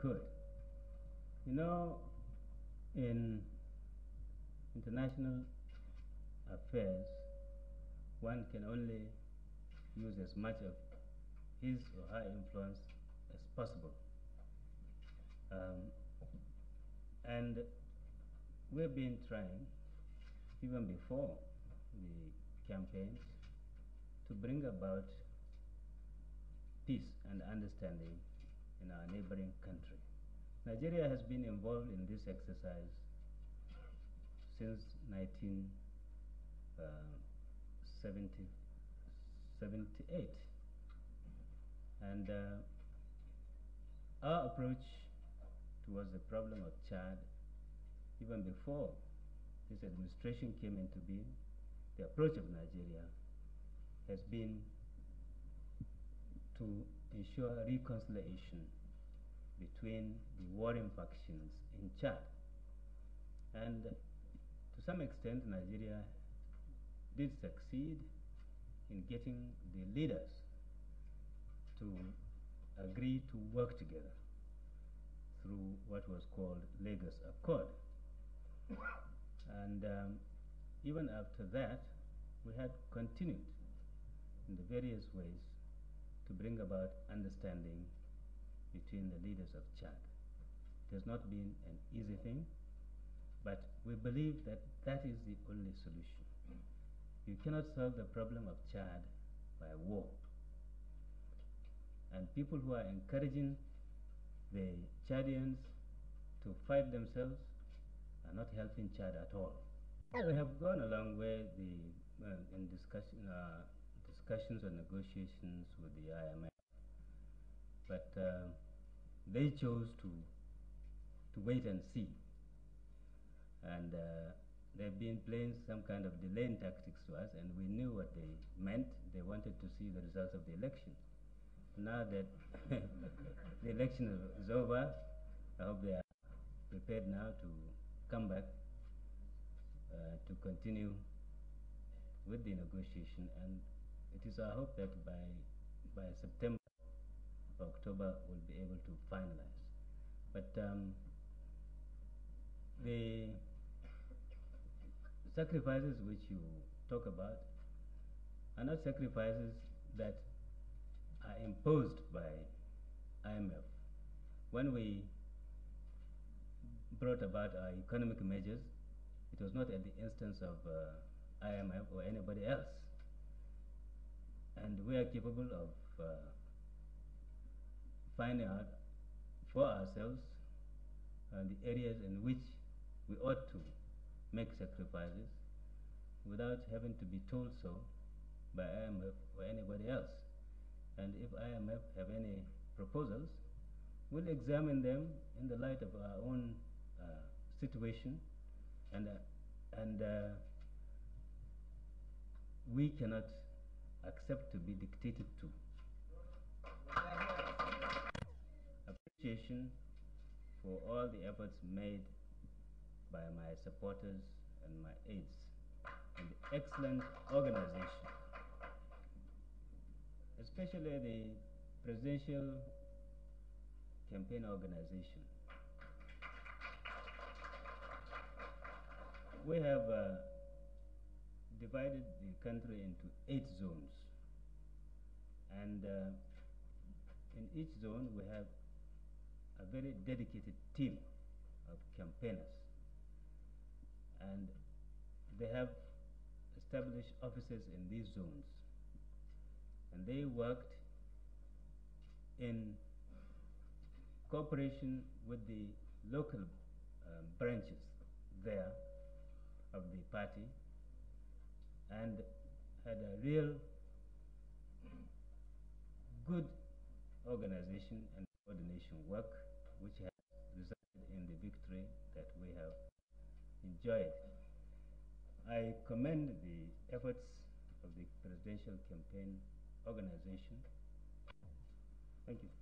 could. You know, in international affairs, one can only use as much of his or her influence as possible. Um, and we've been trying, even before the campaigns, to bring about peace and understanding in our neighboring country. Nigeria has been involved in this exercise since 1978. Uh, and uh, our approach towards the problem of Chad, even before this administration came into being, the approach of Nigeria has been to ensure reconciliation between the warring factions in Chad. And to some extent, Nigeria did succeed in getting the leaders to agree to work together through what was called Lagos Accord. And um, even after that, we had continued in the various ways to bring about understanding between the leaders of Chad. It has not been an easy thing, but we believe that that is the only solution. You cannot solve the problem of Chad by war. And people who are encouraging the Chadians to fight themselves are not helping Chad at all. We have gone a long way the, uh, in discussion, uh, discussions or negotiations with the IMF, but uh, they chose to to wait and see, and uh, they've been playing some kind of delaying tactics to us, and we knew what they meant. They wanted to see the results of the election. Now that the election is over, I hope they are prepared now to come back uh, to continue with the negotiation and it is our hope that by by September October we'll be able to finalize but um, the sacrifices which you talk about are not sacrifices that are imposed by IMF. When we brought about our economic measures, it was not at the instance of uh, IMF or anybody else and we are capable of uh, finding out for ourselves uh, the areas in which we ought to make sacrifices without having to be told so by IMF or anybody else. And if IMF have any proposals, we'll examine them in the light of our own uh, situation and, uh, and uh, we cannot accept to be dictated to. Appreciation for all the efforts made by my supporters and my aides and the excellent organization, especially the Presidential Campaign Organization. We have uh, divided the country into eight zones and uh, in each zone we have a very dedicated team of campaigners and they have established offices in these zones and they worked in cooperation with the local um, branches there of the party and had a real good organization and coordination work which has resulted in the victory that we have enjoyed. I commend the efforts of the Presidential Campaign Organization. Thank you.